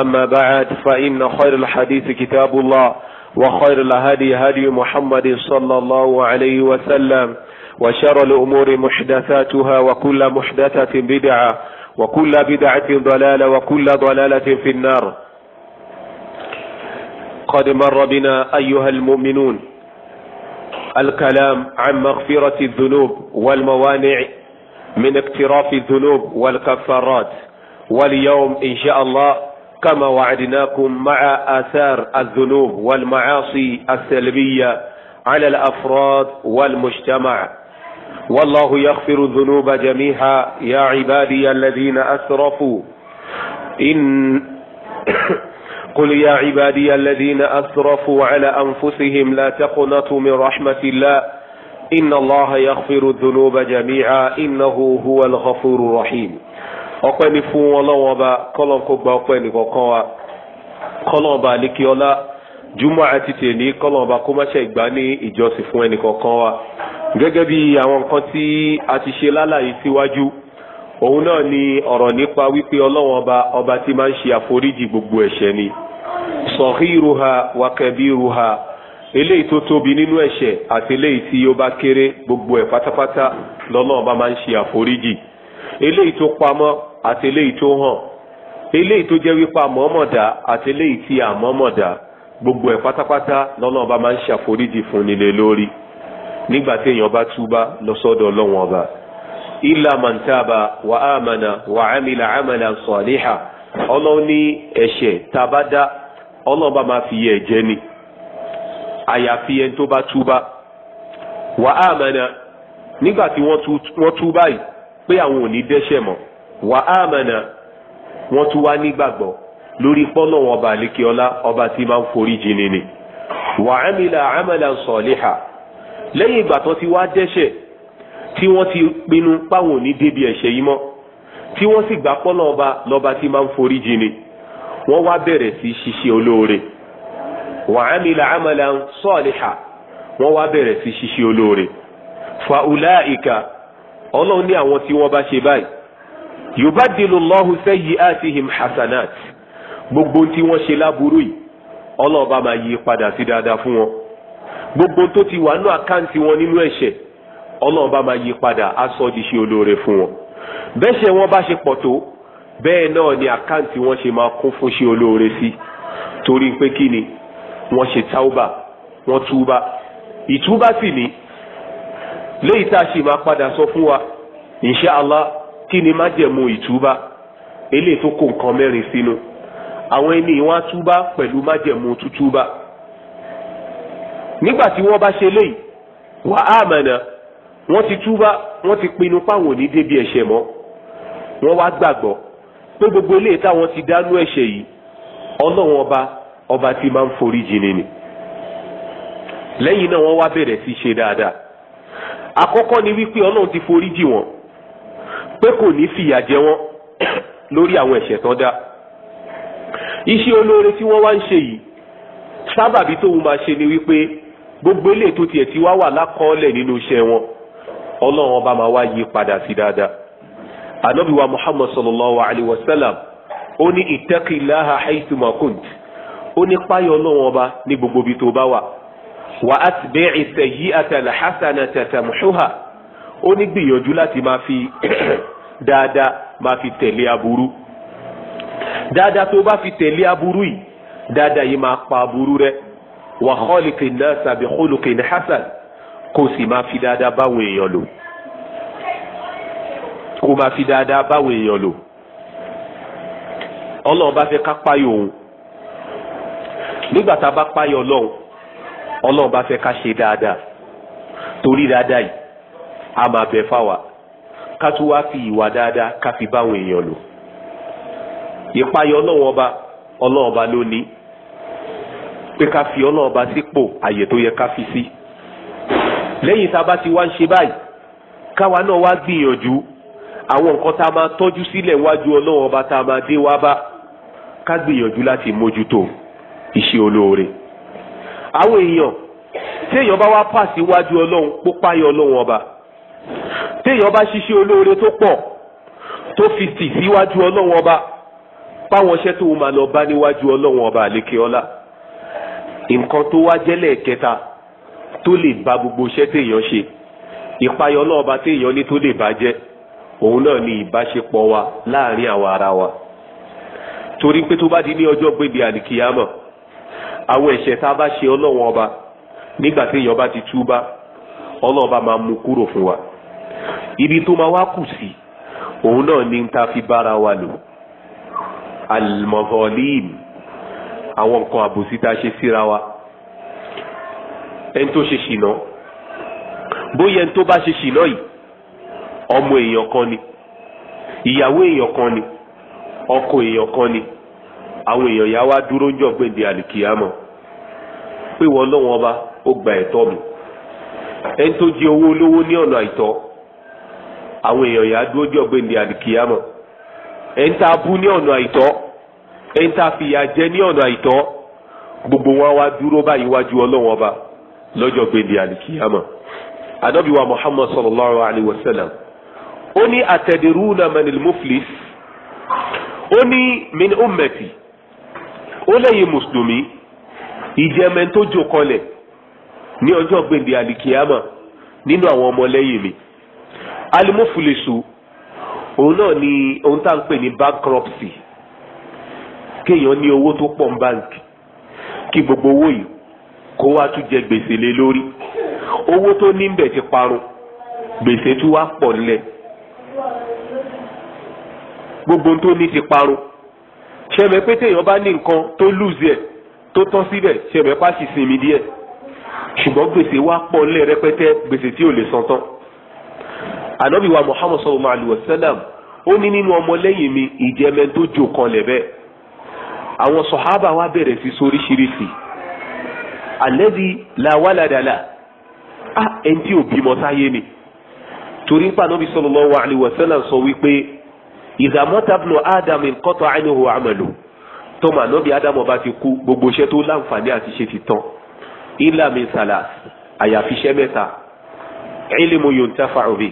أما بعد فإن خير الحديث كتاب الله وخير الهدي هدي محمد صلى الله عليه وسلم وشر الأمور محدثاتها وكل محدثة بدعة وكل بدعة ضلالة وكل ضلالة في النار قد مر بنا أيها المؤمنون الكلام عن مغفرة الذنوب والموانع من اقتراف الذنوب والكفارات واليوم إن شاء الله كما وعدناكم مع آثار الذنوب والمعاصي السلبية على الأفراد والمجتمع والله يغفر الذنوب جميعا يا عبادي الذين أسرفوا إن قل يا عبادي الذين أسرفوا على أنفسهم لا تقنطوا من رحمة الله إن الله يغفر الذنوب جميعا إنه هو الغفور الرحيم ọpẹ́ ni fún ọlọ́wọ́n ọba kọ́lọ́n kó gba ọpẹ́ nìkan kan wa kọ́lọ́n ọba àlékè ọlá júmọ́ àti tèmi kọ́lọ́n ọba kó má ṣe ní ìjọsìn fún ẹnìkan wa gẹ́gẹ́ bí àwọn nǹkan tí a ti ṣe lálàyé síwájú òun náà ni ọ̀rọ̀ nípa wípé ọlọ́wọ́n ọba ọba tí máa ń ṣe àforíjì gbogbo ẹ̀ṣẹ̀ ni sọ̀híruha wákẹ́bíruha eléyìí tó tóbi nínú ẹ̀ṣẹ̀ àti eléyìí tí ó bá kéré gbogbo ẹ̀ pátápátá lọ́lọ́wọ́n máa ń ṣe àforíjì eléyìí tó pamọ́ àti eléyìí tó hàn eléyìí tó jẹ́ wípé àmọ́mọ̀dá àti eléyìí tí gbogbo ẹ̀ pátápátá lọ́lọ́run bá máa ń ṣàforíjì fún nílé lórí nígbà tí èèyàn bá túbá lọ sọ́dọ̀ ọba taba wa amana wa amila amalan saliha ọlọ́run ní ẹ̀ṣẹ̀ tabada ọlọ́run bá máa fi yẹ ẹ̀jẹ̀ ni àyàfi ẹni tó bá túbá wa amana nígbà tí wọ́n tú báyìí pé àwọn ò ní wà á mànà wọ́n tún wá nígbàgbọ́ lórí pọ́nà wọn ọba àlékè ọlá ọba tí máa ń forí jìnnì ni wà á mìlà àmàlà sọ̀líhà lẹ́yìn ìgbà tó ti wá dẹ́ṣẹ̀ tí wọ́n ti pinnu páwọn òní débi ẹ̀ṣẹ̀ yìí mọ́ tí wọ́n sì gbà pọ́nà ọba lọ́ba tí máa ń forí jìnnì wọ́n wá bẹ̀rẹ̀ sí ṣiṣẹ́ olóore wà á mìlà àmàlà sọ̀líhà wá bẹ̀rẹ̀ sí ṣiṣẹ́ olóore fa ùlà ìka ọlọ́run ní àwọn tí wọ́n bá ṣe báyìí yubadilu lọ́hu sẹ́yìí àtihìm hasanat gbogbo tí wọ́n ṣe láburú yìí ọlọ́ọ̀bá máa yí padà sí dáadáa fún wọn gbogbo tó ti wà nú àkáǹtì wọn nínú ẹ̀ṣẹ̀ ọlọ́ọ̀bá máa yí padà á sọ di ṣe olóore fún wọn bẹ́ṣẹ̀ wọn bá ṣe pọ̀ tó bẹ́ẹ̀ náà ni àkáǹtì wọn ṣe máa kún fún ṣe olóore sí torí pé kí ni wọ́n ṣe táúbà wọ́n túbà ìtúbà sì ni léyìí tá a ṣe máa padà sọ fún wa inṣáàlá kí ni májẹ̀mú ìtúbá eléyìí tó kó nǹkan mẹ́rin sínú àwọn ẹni ìwọ́n túbá pẹ̀lú májẹ̀mú tútúbá nígbà tí wọ́n bá ṣe léyìí wà á àmàna wọ́n ti túbá wọ́n ti pinnu páwọn ní débi ẹ̀ṣẹ̀ mọ́ wọ́n wá gbàgbọ́ pé gbogbo eléyìí táwọn ti dánú ẹ̀ṣẹ̀ yìí ọlọ́wọ́n ọba ọba ti máa ń forí jìnnì ni lẹ́yìn náà wọ́n wá bẹ̀rẹ̀ sí ṣe dáadáa àkọ́kọ́ ni wípé ọlọ́run ti forí jì wọ́n pé kò ní fìyà jẹ wọn lórí àwọn ẹsẹ tán dá iṣẹ olóore tí wọn wá ń ṣe yìí sábàbí tóun máa ṣe ni wípé gbogbo eléyìí tó tiẹ̀ ti wá wà lákọọ́lẹ̀ nínú iṣẹ wọn ọlọ́run ọba máa wá yí padà sí dáadáa anabi wa muhammad sallallahu alayhi wa sallam ó ní ìtẹ́kìláha haythuma kunt ó ní páyọ̀ ọlọ́run ọba ní gbogbo ibi tó bá wà wà á ti bẹ́ẹ̀ ìsẹ̀yí àtàlẹ̀ hasanata tamhuha ó ní gbìyànjú láti máa fi dáadáa máa fi tẹ̀lé aburú dáadáa tó bá fi tẹ̀lé aburú yìí dáadáa yìí máa pa aburú rẹ wa khaliqin nasa bi khuluqin hasan kó sì máa fi dáadáa báwọn èèyàn lò kó máa fi dáadáa báwọn èèyàn lò ọlọ́run bá fẹ́ ká páyọ̀ òun nígbà tá a bá páyọ̀ ọlọ́run ọlọ́run bá fẹ́ ká ṣe dáadáa torí dáadáa yìí a máa bẹ fáwa ká tún wá fi ìwà dáadáa ká fi báwọn èèyàn lò ìpayọ ọlọ́wọ́n ọba ọlọ́wọ́n ọba ló ní pé ká fi ọlọ́wọ́n ọba sípò àyè tó yẹ ká fi sí lẹ́yìn tá a bá ti wá ń ṣe báyìí káwa náà wá gbìyànjú àwọn nǹkan tá a máa tọ́jú sílẹ̀ wájú ọlọ́wọ́n ọba tá a máa dé wá bá ká gbìyànjú láti mójútó iṣẹ́ olóore àwọn èèyàn tí èèyàn bá wá pàṣíwájú ọlọ́run pópáyọ ọlọ́run ọba téèyàn bá ṣiṣẹ́ olóore tó pọ̀ tó fi tì síwájú ọlọ́wọ́n ọba páwọn iṣẹ́ tó máa lọ bá níwájú ọlọ́wọ́n ọba àlékè ọlá nǹkan tó wá jẹ́lẹ̀ kẹta tó lè ba gbogbo iṣẹ́ téèyàn ṣe ìpayọ ọlọ́ọ̀ba téèyàn ní tó lè bàjẹ́ òun náà ni ìbáṣepọ̀ wa láàrin àwa ara wa torí pé tó bá di ní ọjọ́ gbèbí àlìkìyàmọ̀ àwọn ẹ̀ṣẹ̀ tá a bá ṣe ọlọ́wọ́n ọba nígbà téèyàn bá ti túbá ọlọ́ọ̀ba máa mú kúrò fún wa. ibi tó ma wá kù sí òun náà ni ta fi bára wa lò almọ̀fọ́lìm àwọn nǹkan àbòsí tá a ṣe síra wa ẹni tó ṣe ṣìnà bóyá ẹni tó bá ṣe ṣìnà yìí ọmọ èèyàn kan ni ìyàwó èèyàn kan ni ọkọ èèyàn kan ni àwọn èèyàn yà wá dúró ń jọ gbèǹde àlìkìyàmọ pé wọn lọ́wọ́n ọba ó gba ẹ̀tọ́ mi ẹni tó jẹ owó olówó ní ọ̀nà àìtọ́ àwọn èèyàn yà á dúró jọ gbé ní àdìkìyàmọ̀ ẹni tá a bú ní ọ̀nà àìtọ́ ẹni tá a jẹ ní ọ̀nà àìtọ́ gbogbo wọn wá dúró báyìí wájú ọlọ́wọ́n ọba lọ́jọ́ gbé ní àdìkìyàmọ̀ anabiwa muhammad sallallahu alayhi wa sallam ó ní manil muflis ó ní min ummeti ó lẹ́yìn mùsùlùmí Alimofuleso, òun náà ni ohun tá à ń pè ní bankruptcy kéèyàn ní owó tó pọ̀ ní báńkì kí gbogbo owó yìí kó wá tún jẹ gbèsè lé lórí owó tó ní ń bẹ̀ ti parun gbèsè tún wá pọ̀ nílẹ̀ gbogbo ohun tó ní ti parun ṣẹ̀mẹ̀ pé téèyàn bá ní nǹkan tó lùzì ẹ̀ tó tán síbẹ̀ ṣẹ̀mẹ̀ pàṣẹ sinmi díẹ̀ ṣùgbọ́n gbèsè wá pọ̀ nílẹ̀ rẹpẹtẹ gbèsè tí ò lè san tán ànábì wa muhammad sallallahu alayhi wa sallam ó ní nínú ọmọlẹ́yìn mi ìjẹ́mẹ́ tó jò kan lẹ́bẹ̀ àwọn sọ̀hábà wa bẹ̀rẹ̀ sí sóríṣiríṣi alẹ́dí làwàládàlà ah ẹni tí ò bímọ sáyé ni torí pa ànábì sallallahu alayhi wa sallam sọ wípé ìdàmọ́tàbùnú ádámù nkọ́tọ̀ àìníhù àmàlù tọ́mọ ànábì ádámù ọba ti kú gbogbo iṣẹ́ tó láǹfààní àti ṣe ti tán ìlàmì sàlàs àyàfi iṣẹ́ mẹ́ta ìlímù yòǹtàfà òbí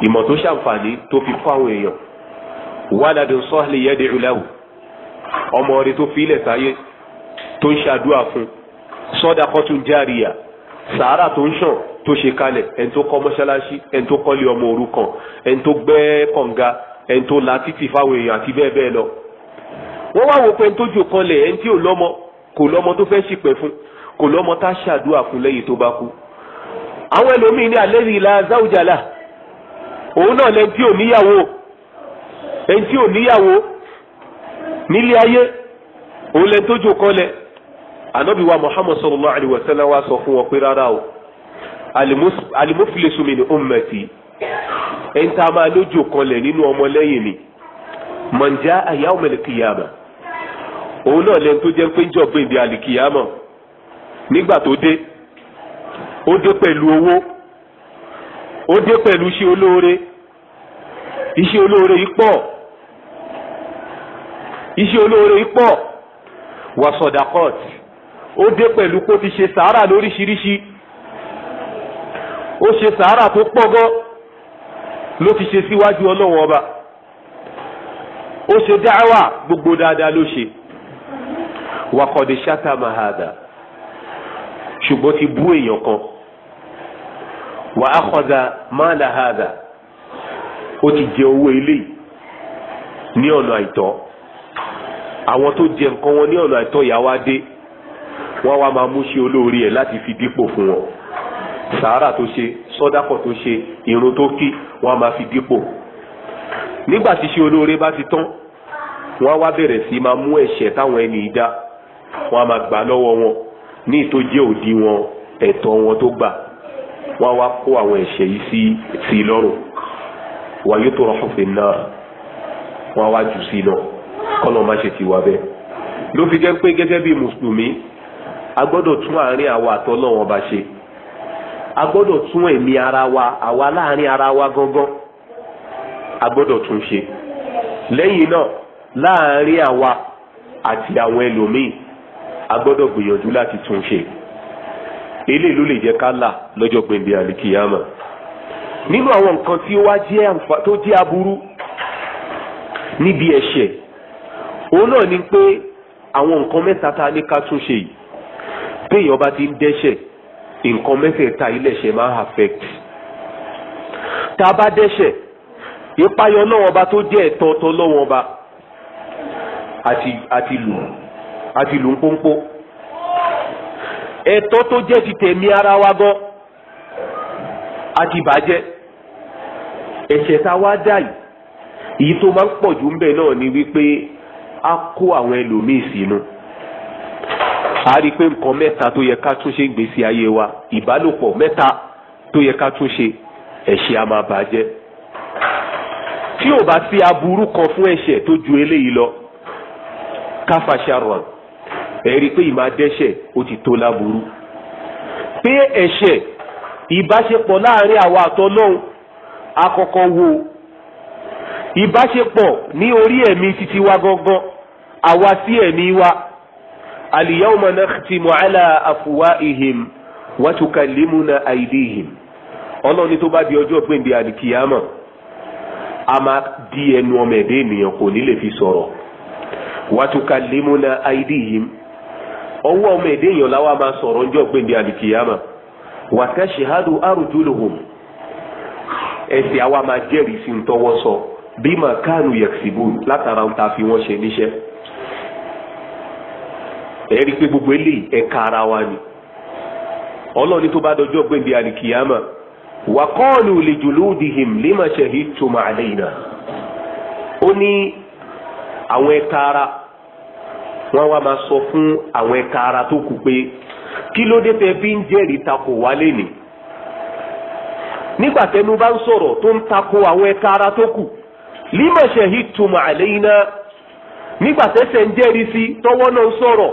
ìmọ̀ tó ṣàǹfààní tó fi kọ́ àwọn èèyàn waladun salih yad'u lahu ọmọ rẹ̀ tó fi ilẹ̀ sáyé tó ń ṣàdúrà fún sadaqatun jariyah sàárà tó ń ṣàn tó ṣe kalẹ̀ ẹni tó kọ́ mọ́ṣáláṣí ẹni tó kọ́lé ọmọ òrukàn ẹni tó gbẹ́ kànga ẹni tó la títì fáwọn èèyàn àti bẹ́ẹ̀ bẹ́ẹ̀ lọ. wọ́n wá wo pé ẹni tó jò kanlẹ̀ ẹni tí kò lọ́mọ tó fẹ́ ṣìpẹ̀ fún kò lọ́mọ tá ṣàdúrà fún lẹ́yìn tó bá kú. àwọn ẹlòmíín ní alẹ́ rí la òun náà lẹ́ni tí ò níyàwó ẹni tí ò níyàwó nílé ayé òun lẹ́ni tó jò kọ́lẹ̀ ànábì wa muhammad sallallahu alayhi wa sallam wa sọ fún wọn pé rárá o alimufilisu ni ummati ẹni tá a máa lójò kọ́lẹ̀ nínú ọmọlẹ́yìn mi mọ̀njá àyàwó mẹ́lẹ̀kìyàmà òun náà lẹ́ni tó jẹ́ pé ń jọ gbé nígbà tó dé ó dé pẹ̀lú owó ó dé pẹ̀lú iṣẹ́ olóore iṣẹ́ olóore yìí iṣẹ́ olóore yìí ó dé pẹ̀lú kó ti ṣe sàárà lóríṣiríṣi ó ṣe sàárà tó pọ̀ ló ti ṣe síwájú ọlọ́wọ́n ọba ó ṣe dáwà gbogbo dáadáa ló ṣe wàkọ̀dé ṣátà mahada ṣùgbọ́n ti bú èèyàn kan wà á kọ́dà máa là hàdà ó ti jẹ owó eléyìí ní ọ̀nà àìtọ́ àwọn tó jẹ nǹkan wọn ní ọ̀nà àìtọ́ ìyá wa dé wọ́n wá máa mú ṣe olóore ẹ̀ láti fi dípò fún wọn sàárà tó ṣe sọ́dákọ̀ tó ṣe irun tó kí wọ́n máa fi dípò nígbà tí ṣe olóore bá ti tán wọ́n wá bẹ̀rẹ̀ sí máa mú ẹ̀ṣẹ̀ táwọn ẹni ìdá wọ́n máa gbà lọ́wọ́ wọn ní ìtòjẹ́ òdi wọn ẹ̀tọ́ wọn tó gbà wọ́n wá kó àwọn ẹ̀ṣẹ̀ yìí sí sí lọ́rùn wà yóò tó rọ́ọ̀fù fi náà wọ́n wá jù sí náà kọ́nà má ṣe ti wà bẹ́ẹ̀ ló fi jẹ́ pé gẹ́gẹ́ bí mùsùlùmí a gbọ́dọ̀ tún àárín àwa àtọ́lọ́wọ́n bá ṣe a gbọ́dọ̀ tún ẹ̀mí ara wa àwa láàárín ara wa gangan a gbọ́dọ̀ tún ṣe lẹ́yìn náà láàárín àwa àti àwọn ẹlòmíì a gbọ́dọ̀ gbìyànjú láti tún ṣe eléyìí ló lè jẹ́ ká là lọ́jọ́ gbèndé àlìkìyàmà nínú àwọn nǹkan tí ó wá jẹ́ àǹfà tó jẹ́ aburú níbi ẹ̀ṣẹ̀ òun náà ni pé àwọn nǹkan mẹ́ta tá a ní ká túnṣe yìí téèyàn bá ti ń dẹ́ṣẹ̀ nǹkan mẹ́tẹ̀ẹ̀ta iléeṣẹ́ máa ń affect tá a bá dẹ́ṣẹ̀ ìpayọ náà ọba tó jẹ́ ẹ̀tọ́ ọ̀tọ̀ lọ́wọ́ ọba àti lù ń pọ́npọ́n ẹ̀tọ́ tó jẹ́ ti tẹ̀mí ara wa gan àti tá a wá dá yìí èyí tó máa ń pọ̀ jù ń bẹ̀ náà ni wípé a kó àwọn ẹlòmíì sínú a rí i pé nǹkan mẹ́ta tó yẹ ká tún ṣe ń gbèsè ayé wa ìbálòpọ̀ mẹ́ta tó yẹ ká tún ẹ̀ṣẹ̀ a máa bàjẹ́ tí ò bá sí aburú kan fún ẹ̀ṣẹ̀ tó ju eléyìí lọ káfàṣà rọrùn ẹ̀rí pé ìmá dẹ́ṣẹ̀ ó ti tó láburú pé ẹ̀ṣẹ̀ ìbáṣepọ̀ láàrin ato àtọ́lọ́hún akọ́kọ́ wo ìbáṣepọ̀ ní orí ẹ̀mí títí wa gangan àwa sí ẹ̀mí wa al-yawma nakhtimu ala afwahihim wa tukallimuna aydihim ọlọ́ni tó bá di ọjọ́ pèndé àdìkìyàmọ̀ a máa di ẹnu ọmọ ẹ̀dẹ́ ènìyàn kò ní lè fi sọ̀rọ̀ wa tukallimuna ihim. ọwọ́ ọmọ èdè èèyàn láwa máa sọ̀rọ̀ ńjọ́ gbèndé àlìkìyàmà wàtẹ́sìhádù àrùjúlùhùn ẹsẹ̀ àwa máa jẹ́rìí sí ntọ́wọ́ sọ bí mà kánú yẹ̀sìbù látara ń ta fi wọ́n ṣe níṣẹ́ ẹ̀rí pé gbogbo eléyìí ẹ̀ka ara wa ni ọlọ́ni tó bá dọjọ́ gbèndé àlìkìyàmà wàkọ́ọ̀lù lìjùlùdìhìm lima ṣahidtum alayna ó ní àwọn ẹ̀ka ara wọ́n wá máa sọ fún àwọn ẹka ara tó kù pé kí ló dé tẹ́ bí ń jẹ́rìí takò nígbà tẹnu bá ń sọ̀rọ̀ tó ń takò àwọn ẹka ara tó kù lima shahidtum alayna nígbà tẹ́sẹ̀ ń jẹ́rìí sí tọwọ́ náà ń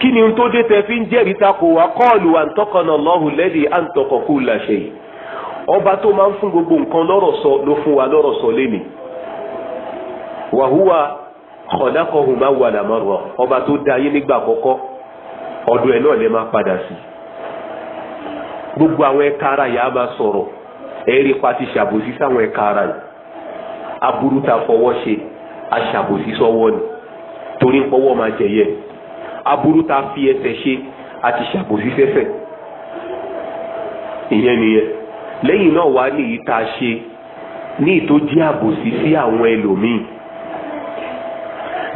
kí ni tó dé fi ń jẹ́rìí takò wá qalu antaqana Allahu alladhi ọba tó máa ń gbogbo nǹkan kọ̀dákọ̀hùn máa wà lámọ́rọ̀ ọba tó dá ayé nígbà kọ́kọ́ ọ̀dọ̀ ẹ̀ náà lè máa padà sí gbogbo àwọn ẹ̀ka ara yà á máa sọ̀rọ̀ ẹ̀rí pa ti ṣàbòsí sáwọn ẹ̀ka ara yìí aburú ta fọwọ́ ṣe aṣàbòsí sọ́wọ́ ni torí ń pọ́wọ́ máa jẹ̀yẹ aburú ta fi ẹsẹ̀ ṣe àti ṣàbòsí sẹ́sẹ̀ ìyẹn nìyẹn lẹ́yìn náà wàá nìyí tá ṣe ní ìtòjí àbòsí sí àwọn ẹlòmíì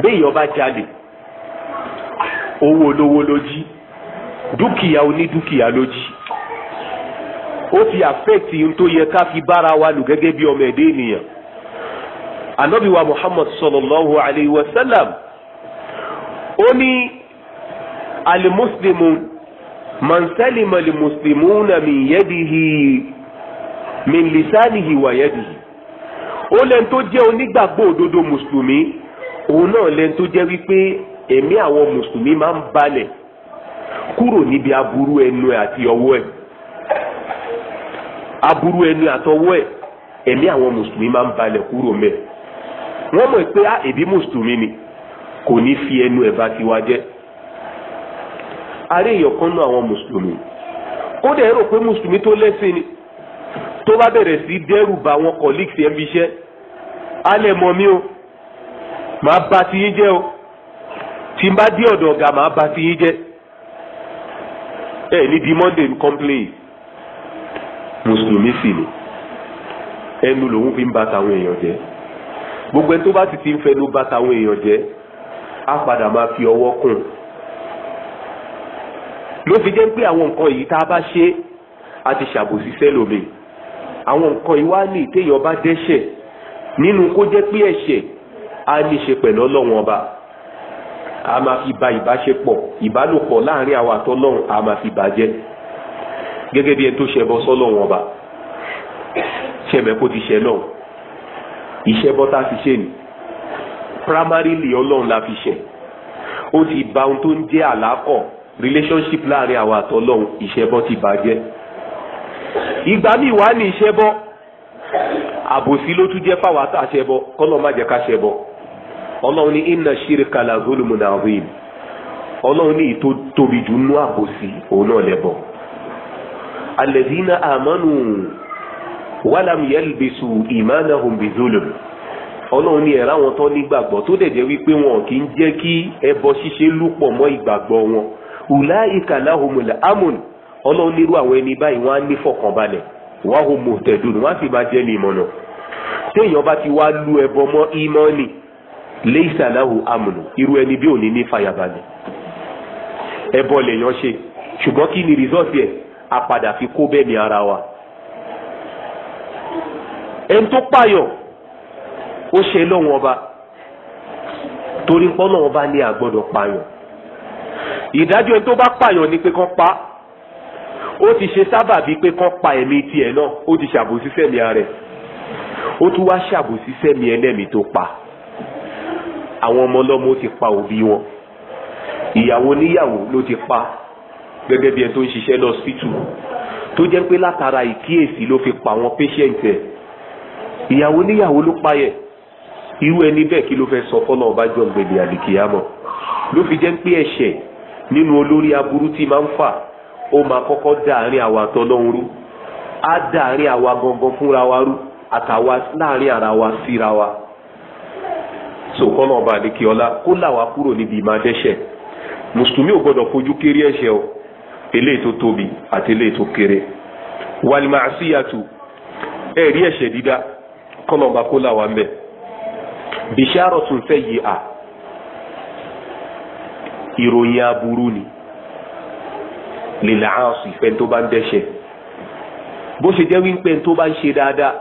béèyàn bá jalè owó olówó ló jí dúkìá onídúkìá ló jí ó fi àfẹ́ẹ̀tì tó yẹ ká fi bára wa lù gẹ́gẹ́ bí ọmọ ẹ̀dẹ́ ènìyàn anabi muhammad sallallahu alayhi wa sallam ó ní alimuslimu mansalima alimuslimu na min yadihi min lisanihi wa yadihi ó lẹ́n tó jẹ́ onígbàgbọ́ òdodo mùsùlùmí òun náà lẹni tó jẹ́ wípé ẹ̀mí àwọn mùsùlùmí máa ń balẹ̀ kúrò níbi aburú ẹnu ẹ̀ àti ọwọ́ ẹ̀ aburú ẹnu àtọwọ́ ẹ̀ ẹ̀mí àwọn mùsùlùmí máa ń balẹ̀ kúrò mẹ́ wọ́n mọ̀ pé ẹ̀bí mùsùlùmí ni kò ní fi ẹnu ẹ̀ bá tiwa jẹ́ aré ìyọ̀kan náà àwọn mùsùlùmí ó dẹ̀ rò pé mùsùlùmí tó lẹ́sìn ni tó bá bẹ̀rẹ̀ sí dẹ́rù bà àwọn colleagues ẹ̀ fi iṣẹ́ alẹ́ mọ́ mi o màá bà ti yín jẹ́ o tí n bá dé ọ̀dọ̀ ọ̀gá màá bà ti yín jẹ́ ẹ ní di monday complain mùsùlùmí sì ni ẹnu lòun fi ń bà tàwọn èèyàn jẹ́ gbogbo ẹni tó bá sì ti ń fẹnu bà tàwọn èèyàn jẹ́ á padà máa fi ọwọ́ kùn ló fi jẹ́ pé àwọn nǹkan yìí tá a bá ṣe a ti ṣàbòsí sẹ́lòmíì àwọn nǹkan yìí wá ní ìtéèyàn bá dẹ́ṣẹ̀ nínú kó jẹ́ pé ẹ̀ṣẹ̀ á ní ṣe pẹ̀lú ọlọ́run ọba a máa fi ba ìbáṣepọ̀ ìbálòpọ̀ láàrin àwa àtọ́lọ́run a máa fi bàjẹ́ gẹ́gẹ́ bí ẹni tó ṣẹbọ sọ́lọ́run ọba ṣẹmẹ kó ti ṣẹ lọ́run ìṣẹbọ tá a fi ṣe ni primarily ọlọ́run la fi ṣẹ ó ti ba ohun tó ń jẹ́ àlákọ̀ relationship láàrin àwa àtọ́lọ́run ìṣẹbọ ti bàjẹ́ ìgbà míì wá ní ìṣẹbọ àbòsí ló tún jẹ́ fáwa tá a ṣẹbọ kọ́lọ́ má jẹ́ ká ṣẹbọ ọlọ́run ní inna ṣírìkà la zulmun azim ọlọ́run ní ìtò tóbi jù nú àbòsí òun náà lẹ́bọ̀ alladhina amanu walam yalbisu imanahum bizulm ọlọ́run ní ẹ̀rá wọn tán nígbàgbọ́ tó dẹ̀ jẹ́ wípé wọn kì í jẹ́ kí ẹbọ ṣíṣe lúpọ̀ mọ́ ìgbàgbọ́ wọn ulaika lahumul amn ọlọ́run nírú àwọn ẹni báyìí wọ́n á ní fọkànbalẹ̀ wahum muhtadun wọ́n á sì máa jẹ́ ní ìmọ̀nà téèyàn bá ti wá lu ẹbọ mọ́ ìmọ̀ọ́nì leisa lahu amnu irú ẹni bí òní ní fàyàbalẹ̀ ẹbọ lèèyàn ṣe ṣùgbọ́n kí ni rìsọ́ọ̀tì ẹ̀ a padà fi kó bẹ́ẹ̀ ni ara wa ẹni tó pààyàn ó ṣe lọ́wọ́n ọba torí pọ́nà ọba ní àgbọ́dọ̀ pààyàn ìdájọ́ ẹni tó bá pààyàn ni pé kán pa ó ti ṣe sábàbí pé kán pa ẹ̀mí tiẹ̀ náà ó ti ṣàbòsí sẹ́mi ara ẹ̀ ó tún wá ṣàbòsí sẹ́mi ẹlẹ́mi tó pa àwọn ọmọ ọlọ́mọ ti pa òbí wọn ìyàwó níyàwó ló ti pa gẹ́gẹ́ bí ẹni tó ń ṣiṣẹ́ lọ hospital tó jẹ́ pé látara ìkíyèsí ló fi pa àwọn patient ẹ̀ ìyàwó níyàwó ló pa yẹ irú ẹni bẹ́ẹ̀ kí ló fẹ́ sọ fọ́nà ọbàjọ́ gbèdè àlìkìyàmọ̀ ló fi jẹ́ pé ẹ̀ṣẹ̀ nínú olórí aburú tí máa ń fà ó máa kọ́kọ́ dàárín àwa àtọ́lọ́run rú á dàárín àwa gangan fúnra wa rú àtàwa láàrin ara wa síra wa. Si so kọ́nà ọba àdékè ọlá kó làwà kúrò níbi ìmá dẹ́ṣẹ̀ mùsùlùmí ò gbọdọ̀ fojú kéré ẹ̀ṣẹ̀ o eléyìí tó tóbi àti eléyìí tó kéré wàlìmọ̀ àṣìyàtù ẹ̀rí ẹ̀ṣẹ̀ dídá kọ́nà ọba kó làwà mẹ́ bìṣàrọ̀ tún fẹ́ yìí à ìròyìn aburú ni lèlà áàsì fẹ́ tó bá ń dẹ́ṣẹ̀ bó ṣe jẹ́ wípé tó bá ń ṣe dáadáa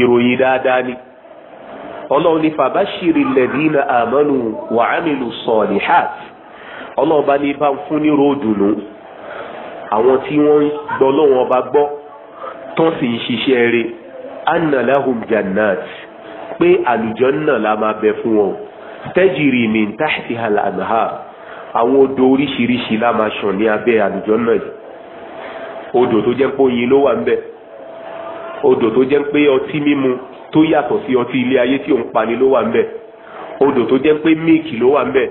ìròyìn dáadáa ni ọlọ́run ní fàbáṣìrì lẹ́dínà àmọ́nù wàhámìlú sọ̀ọ̀lì hàt ọlọ́run bá ní bá ń fún ní ròdùnú àwọn tí wọ́n gbọ́ lọ́wọ́n ọba gbọ́ tán sì ń ṣiṣẹ́ rẹ̀ annalahum jannat pé àlùjànnà la máa bẹ fún wọn tẹ́jìrì mi ń táṣì àlànà àwọn odò oríṣiríṣi la máa ṣàn ní abẹ́ àlùjànnà yìí odò tó jẹ́ pé oyin ló wà ń bẹ̀ odò tó jẹ́ pé ọtí mímu tó yàtọ̀ sí ọtí ilé ayé tí òun pani ló wà ńbẹ̀ odò tó jẹ́ pé míìkì ló wà ńbẹ̀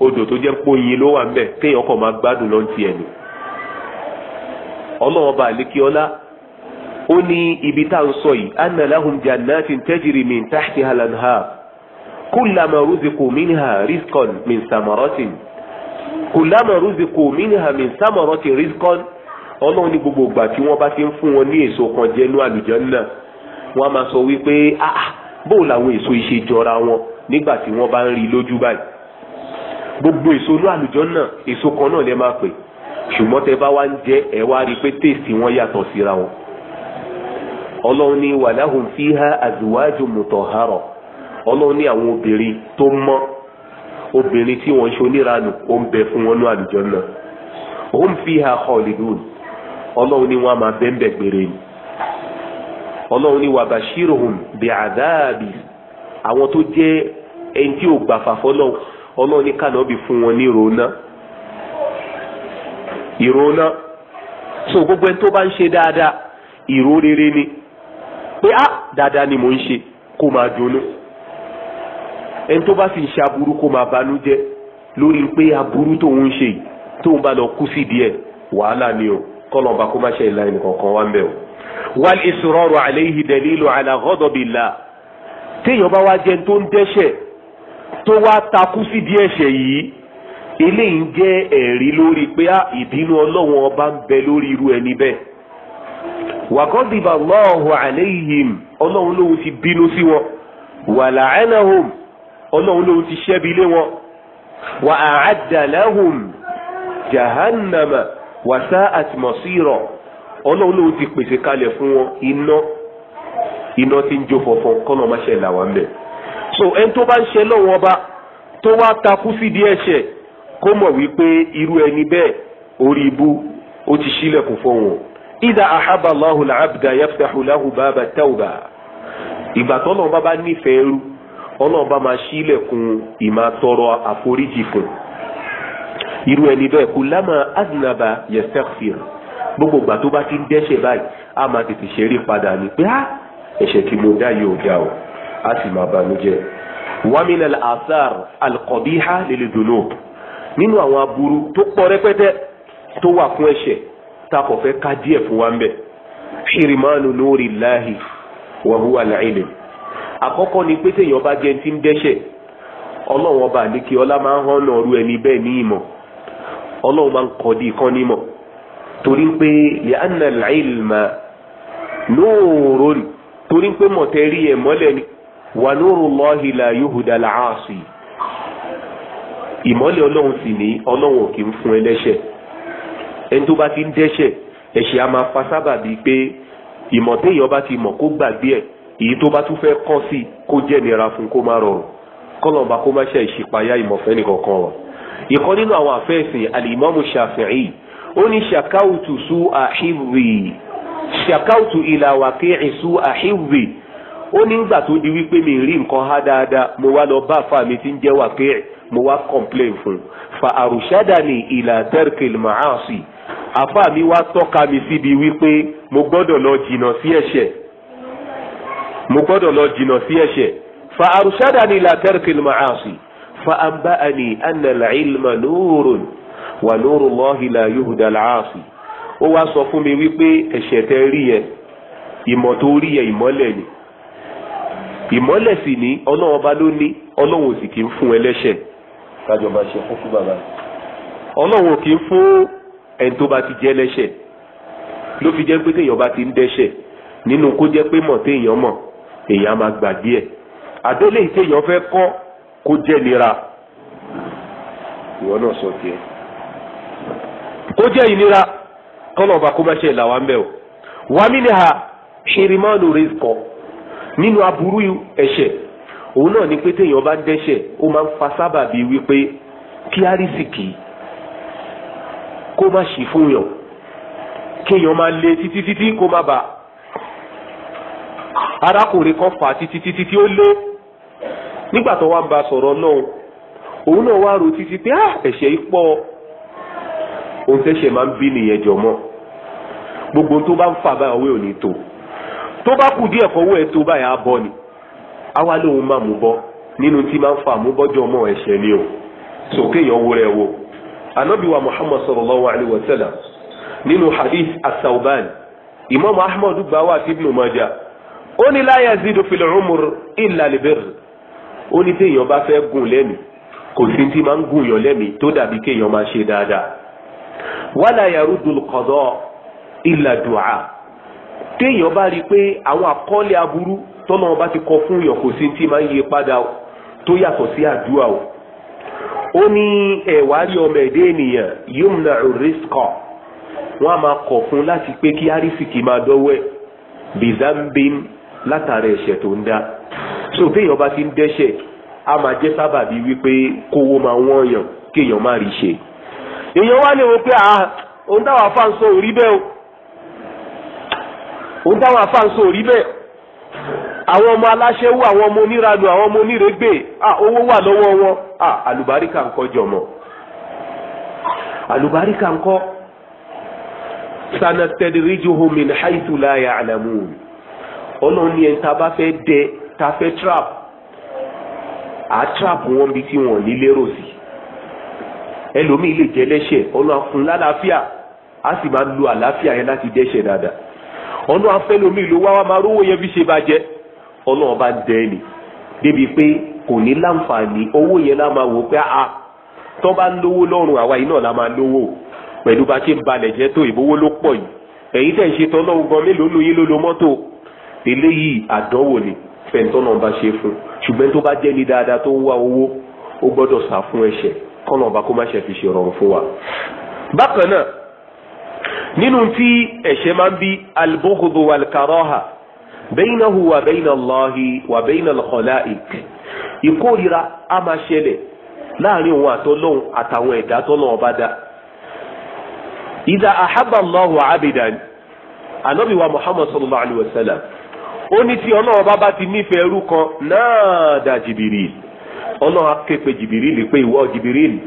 odò tó jẹ́ pé oyin ló wà ńbẹ̀ téèyàn kàn máa gbádùn lọ́n ti ẹ̀nu ọlọ́wọ́n bá àlékí ọlá ó ní ibi tá à ń sọ yìí anna lahum jannatin tajri min tahtiha al-anhar kullama ruziqu minha rizqan min samaratin kùlámà rúzikù mínìhà min sámọ̀rọ̀ ti ọlọ́run ní gbogbo ìgbà tí wọ́n bá ti ń fún wọn ní èso kan jẹ́ ní àlùjànnà wọ́n á máa sọ wípé ah, ah bóò làwọn èso yìí ṣe jọra wọn nígbà tí wọ́n bá ń rí lójú báyìí gbogbo èso ní àlùjọ náà èso kan náà lè máa pè ṣùgbọ́n tẹ bá wá ń jẹ ẹ wá rí i pé téèsì wọn yàtọ̀ síra wọn. ọlọ́run ní wàláhùn fíhá àzùwájú mùtọ̀hárọ̀ ọlọ́run ní àwọn obìnrin tó mọ́ obìnrin tí wọ́n ń ṣoníranù ó ń bẹ fún wọn ní àlùjọ náà òun fíhá khalidun ọlọ́run ní wọn máa bẹ́ẹ̀ bẹ́ẹ̀ gbére ni ọlọ́run ní wa bashiruhum bi adhabi àwọn tó jẹ́ ẹni tí ò gbà fàfọ́ ọlọ́run ní kànáàbì fún wọn ní ìrònà ìrònà so gbogbo ẹni tó bá ń ṣe dáadáa ìró rere ni pé á ah, dáadáa ni mò ń ṣe kó máa dunnú ẹni tó bá sì ń ṣe aburú kó máa banú jẹ́ lórí pé aburú tóun ń ṣe tóun bá lọ kú sí díẹ̀ wàhálà ni o kọlọmba kó má ṣe ìlànà kankan wá ń bẹ o wal israru alayhi dalilu ala ghadabillah téèyàn bá wá jẹ́ tó ń dẹ́ṣẹ̀ tó wá takú sí di ẹ̀ṣẹ̀ yìí eléyìí jẹ́ ẹ̀rí lórí pé ah, ìbínú ọlọ́run ọba ń bẹ lórí irú ẹni bẹ́ẹ̀ wàkọ́dìbà lọ́ọ̀hù àléhìm ọlọ́run lóhun ti bínú sí wọn wà láàánàhùm ọlọ́run lóhun ti ṣẹ́bi lé wọn wà àádàláhùm jahannama wà sáà ọlọ́run ló ti pèsè kalẹ̀ fún wọn iná iná tí ń jó fọfọn kọ́nà má so ẹni tó bá ń ṣe lọ́wọ́ ọba tó wá takú sídìí ẹ̀ṣẹ̀ kó mọ̀ wípé irú ẹni bẹ́ẹ̀ orí ibú ó ti ṣílẹ̀kùn wọn. ìdá àhábà Allahu al baba ìgbà tọ́lọ́ bá bá nífẹ̀ẹ́ rú ọlọ́run bá máa ṣílẹ̀kùn gbogbo ìgbà tó bá ti ń báyìí a máa tètè ṣeré padà ní pé á ah, ẹ̀ṣẹ̀ tí mo dá yìí dá o a sì máa banújẹ́. wàmínà asar alkọ̀bíhá lèlè dùnú nínú àwọn aburú tó pọ̀ rẹpẹtẹ tó wà fún ẹ̀ṣẹ̀ kò fẹ́ ká díẹ̀ fún wa ń bẹ̀. ṣìrìmánu lórí láàhì ni pé téèyàn bá jẹ́ ti ń ọba ọlá máa ń hàn náà ẹni bẹ́ẹ̀ ní ìmọ̀ di ìkan torí pé yànnà làìlmà nóòrò torí pé mọ̀tẹ́rí ẹ̀ mọ́lẹ̀ ni wà nóòrò lọ́hìlà yóhùdà làásì ìmọ́lẹ̀ ọlọ́run sì ní ọlọ́run kì í fún ẹlẹ́ṣẹ̀ ẹni tó bá ti ń dẹ́ṣẹ̀ ẹ̀ṣẹ̀ a máa fa sábà bíi pé ìmọ̀tẹ́yìn ọba ti mọ̀ kó gbàgbé ẹ̀ èyí tó bá tún fẹ́ kọ́ sí kó jẹ́ nira fún kó má rọrùn kọ́lọ̀ọ̀bá kó má ṣe ìṣípayá ìmọ̀fẹ́ nìkankan wà ìkan nínú àwọn àfẹ́sìn alimọ́mù Shafi'i ó ní ṣàkáùtù sú àhíwì ṣàkáùtù ìlà wàkíì sú àhíwì ó nígbà tó di wípé mi rí nǹkan há dáadáa mo wá lọ bá àfa mi tí ń jẹ́ wàkíì mo wá complain fún un fa àrùṣádàní ìlà tẹ́rkìl màásì àfa mi wá tọ́ka mi síbi wípé mo gbọ́dọ̀ lọ jìnnà sí ẹ̀ṣẹ̀ mo gbọ́dọ̀ lọ jìnnà sí ẹ̀ṣẹ̀ fa àrùṣádàní ìlà tẹ́rkìl màásì fa àǹbá àní ànàlà ìlmà wà lóru lọ́hìn la yóòdà láàásù ó wá sọ fún mi wípé ẹ̀ṣẹ̀ tẹ rí yẹ ìmọ̀ tó rí yẹ ìmọ́lẹ̀ ni ìmọ́lẹ̀ sì ni ọlọ́run bá ló ní ọlọ́wọ́n sì kì í fún ẹlẹ́ṣẹ̀ kájọba ṣe fún fún bàbá ọlọ́run kì í fún ẹni tó bá ti jẹ́ ẹlẹ́ṣẹ̀ ló fi jẹ́ pé téèyàn bá ti ń dẹ́ṣẹ̀ nínú kó jẹ́ pé mọ̀ téèyàn mọ̀ èèyàn máa gbà díẹ̀ àbẹ́lẹ̀ téèyàn fẹ́ kọ́ kó jẹ́ nira ìwọ náà sọ tiẹ̀. ó jẹ́ ìnira kọ́lọ̀ọ̀bà kó má ṣe ìlà wa ń bẹ̀ o wà mí ni ha ṣèrímọ́nù rẹ̀ nínú aburú ẹ̀ṣẹ̀ òun náà ni pé téèyàn bá dẹ́ṣẹ̀ ó máa ń fa sábàbí wípé kí árísìkì kó má ṣì fún yàn kéèyàn máa lé títí títí kó má bà arákùnrin kan fà títí títí tí ó lé nígbà tó wá ń ba sọ̀rọ̀ náà òun náà ohun tẹ́ṣẹ̀ máa ń bí nìyẹn jọ mọ́ gbogbo tó bá ń fà báyà owó ò ní tó tó bá kù díẹ̀ kọ́wọ́ ẹ̀ tó báyà á bọ́ ni àwa lóun máa mú bọ́ nínú tí máa ń fà mú bọ́jọ́ mọ́ ẹ̀ṣẹ̀ ni o sòkè yẹn wo rẹ̀ wo anabiwa muhammad sallallahu alayhi wa sallam nínú hadith asauban imam ahmad gba wa ibn majah ó ní la yazidu fil umur illa libir ó ní téèyàn bá fẹ́ gùn lẹ́mìí kò sí ti máa ń gùn yàn lẹ́mìí tó dàbí kéèyàn máa ṣe dáadáa wala yarudul qada illa du'a téèyàn bá rí i pé àwọn àkọọ́lẹ̀ aburú tọ́nà ọba ti kọ fún yàn kò sí tí máa ń yí padà tó yàtọ̀ sí àdúrà o ó ní ẹ̀wá rí ọmọ ẹ̀dẹ́ ènìyàn yumna rizqa wọ́n á máa kọ̀ fún láti pé kí arísìkì máa dọ́wọ́ ẹ̀ bizambin látara ẹ̀ṣẹ̀ tó ń dá so téèyàn bá ti ń dẹ́ṣẹ̀ á máa jẹ́ sábàbí wípé kówó máa wọ́n yàn kéèyàn má rí ṣe. èèyàn wá lè wo pé àá ah, òun táwọn afáǹsọ ò rí bẹ́ẹ̀ o òun táwọn afáǹsọ ò rí bẹ́ẹ̀ àwọn ọmọ aláṣẹwó àwọn ọmọ onírànú àwọn ọmọ onírégbè ah, owó wà lọ́wọ́ wọn ah, àlùbáríkà jọmọ àlùbáríkà nkọ. kọ́ sanastadrijuhum min haythu la ya'lamun ọlọ́run ni ẹni bá fẹ́ dẹ ta fẹ́ trap a trap wọn bí wọn ní ẹlòmíì lè jẹ lẹ́ṣẹ̀ ọlọ́run afun lálàáfíà á sì máa lo àlàáfíà yẹn láti dẹ́ṣẹ̀ dáadáa ọlọ́run afẹ́lòmíì ló wá wá máa rówó yẹn bí ṣe bá jẹ ọlọ́run bá dẹ ẹni débi pé kò ní láǹfààní owó yẹn lá máa wò pé a ah, tó bá ń lówó lọ́rùn àwa yìí náà la máa lówó pẹ̀lú bá ṣe ń balẹ̀ jẹ́ tó ìbówó ló pọ̀ yìí ẹ̀yin tẹ̀ ń ṣe tọ́lọ́run gan mélòó ló yé ló lo mọ́tò eléyìí àdánwò ni fẹ̀ntọ́nà bá ṣe fún ṣùgbọ́n tó bá jẹ́ ní dáadáa tó ń wá owó ó gbọ́dọ̀ sá fún ẹ̀ṣẹ̀ kọ́nà ọba kó má ṣe fi ṣe rọrùn fún wa. bákan náà nínú tí ẹ̀ṣẹ̀ máa ń bí albughdu walkaraha baynahu wa bayna Allahi wa bayna alkhalaik ìkórira a máa ṣẹlẹ̀ láàrin òun àtọ́lọ́hun àtàwọn ẹ̀dá tọ́lọ́hun ọba dá. idha ahabba abidan anabi wa muhammad sallallahu alayhi wa sallam ó ní tí ọlọ́wọ́ bá bá ti nífẹ̀ẹ́ ẹrú kan náà dá jìbìrì ọlọ́run á ké pe jìbìrìlì pé ìwọ jìbìrìlì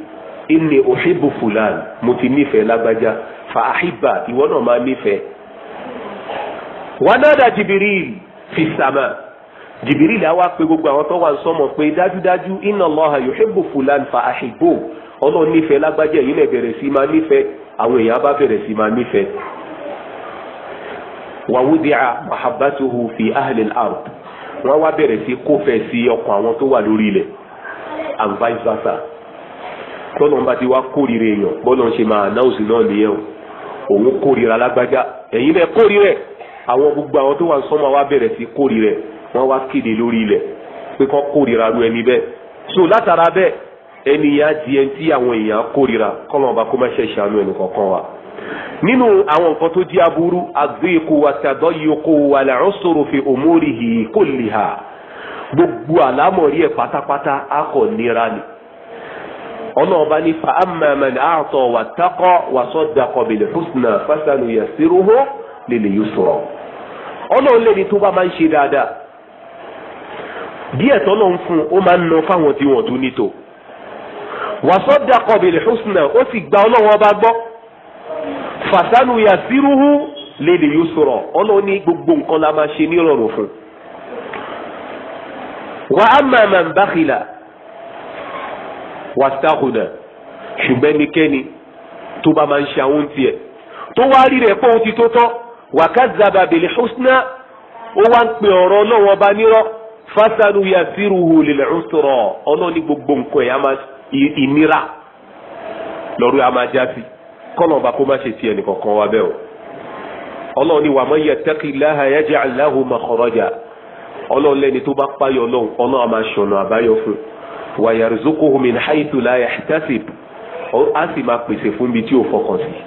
inni òṣèbù fúlàn mo ti nífẹ̀ẹ́ lágbájá fa àhíbà ìwọ náà máa nífẹ̀ẹ́. wanada jìbìrìlì fi sàmà jìbìrìlì á wá pé gbogbo àwọn tó wà ń sọmọ pé dájúdájú inna Allaha yòṣèbù fúlàn fa àhíbò ọlọ́run nífẹ̀ẹ́ lágbájá yìí lè bẹ̀rẹ̀ sí máa nífẹ̀ẹ́ àwọn èèyàn bá bẹ̀rẹ̀ sí máa nífẹ̀ẹ́. wàwúdìá mahabbatuhu fi ahlil ard wọ́n wá bẹ̀rẹ̀ sí kófẹ́ sí ọkàn àwọn tó wà lórí ilẹ̀ and vice versa tọ́lọ́ bá ti wá kórìíra èèyàn bọ́lọ́ ṣe máa náwùsì náà nìyẹn o òun kórìíra lágbájá ẹ̀yin náà kórìíra àwọn gbogbo àwọn tó wà sọ́mọ́ wa bẹ̀rẹ̀ sí kórìíra wọ́n wá kéde lórí ilẹ̀ pé kọ́ kórìíra lu ẹni bẹ́ẹ̀ so látara bẹ́ẹ̀ ẹni yà di ẹni tí àwọn èèyàn kórìíra kọ́lọ́ bá kó má ṣe ṣàánú ẹnì wa nínú àwọn nǹkan tó di aburú àgbéyẹ̀kọ̀ fi òmórìhì kò lè hà gbogbo àlámọ̀rí ẹ̀ pátápátá akọ̀ nira ni ọlọ́ọ̀bá ní fa amẹ́mẹ́ni àtọ̀ wà tákọ́ wà sọ́dàkọ̀ bìlẹ̀ húsnà fásánù yẹn sírúhó lèlè yóò sọ̀rọ̀ ọlọ́run lẹ́ni tó bá máa ń ṣe dáadáa díẹ̀ tọ́lọ́ ń fún ó máa ń ná fáwọn tí wọ́n tún nítò wà sọ́dàkọ̀ bìlẹ̀ húsnà ó sì gba ọlọ́run gbọ́ yẹn gbogbo nǹkan la máa ṣe fún un wa amma man bakhila wastaghna ṣùgbọ́n ẹnikẹ́ni tó bá máa ń ṣe àwọn tiẹ̀ tó wá rí rẹ̀ pé òun ti tó tán wa kazzaba bil husna ó wá ń pè ọ̀rọ̀ ọlọ́wọ́ ọba nírọ́ fasanu yasiruhu lil usra ọlọ́ni gbogbo nǹkan ẹ̀ ìnira lọ́rùú ẹ̀ máa já sí kọ́nà ọba kó má ṣe tiẹ̀ nìkan kan wá bẹ́ẹ̀ o ọlọ́ni wa man yattaqillaha yaj'al lahu makhraja ọlọ́run lẹ́ni tó bá páyọ ọlọ́run ọlọ́run a máa ṣọ̀nà àbáyọ fún wa yarzuquhu min haythu la yahtasib á sì máa pèsè fún ibi tí ò fọkàn sí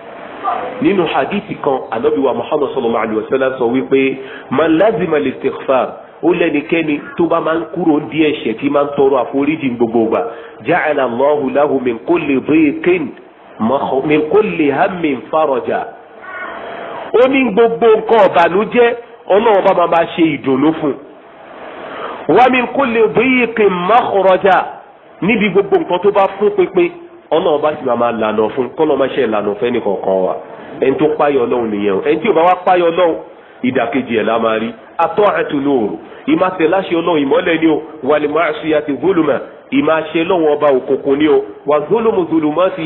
nínú hadithi kan anabi wa muhammad sallallahu alayhi wa sallam sọ wípé man lazima al-istighfar ó lẹ́nikẹ́ni tó bá máa ń kúrò ní ẹ̀ṣẹ̀ tí máa ń tọrọ àforíjì gbogbo gbà ja'ala Allahu lahu min kulli dhiqin min kulli hammin faraja ó ní gbogbo nǹkan ọ̀bànújẹ́ ọlọ́run bá máa ṣe ìdùnnú fún un wa min kulli dhiqin makhraja níbi gbogbo nǹkan tó bá fún pépé ọlọ́run bá sì máa máa lànà fún kọ́lọ́ máa ṣe ìlànà fẹ́ ní kọ̀ọ̀kan wa ẹni tó páyọ̀ ọlọ́run nìyẹn o ẹni tí ò bá wá páyọ̀ ọlọ́run ìdàkejì ẹ̀ la máa rí atọ́ àtúnú òru ìmáṣe láṣẹ ọlọ́run ìmọ́lẹ̀ ni o wal-ma'siyati zulma ìmáṣe lọ́wọ́ ọba òkòkò ni o wà zulumu zulumati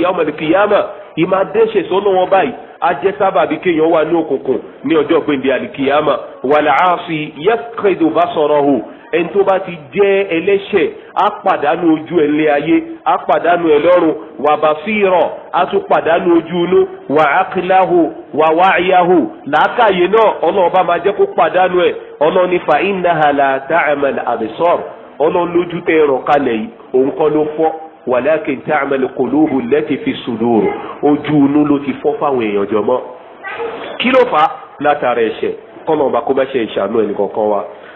ẹni tó bá ti jẹ́ ẹlẹ́ṣẹ̀ á pàdánù ojú ẹ̀ lé ayé á pàdánù ẹ̀ lọ́rùn wà bá fìràn á tún pàdánù ojú inú wà ákìláhù wà wáyáhù làákàyè náà ọlọ́ọ̀bá máa jẹ́ kó pàdánù ẹ̀ ọlọ́ọ̀ni fa ìnáhàlà táàmẹ̀lì àbẹ̀sọ̀rọ̀ ọlọ́ọ̀lójú tẹ ẹ̀rọ kalẹ̀ yìí òun kọ́ ló fọ́ wàlákin táàmẹ̀lì kòlóhù lẹ́tì fi sùdúrù ojú inú ló ti fọ́ fáwọn èèyàn jọmọ́ kí ló fà á látara ẹ̀ṣẹ̀ kọ́nà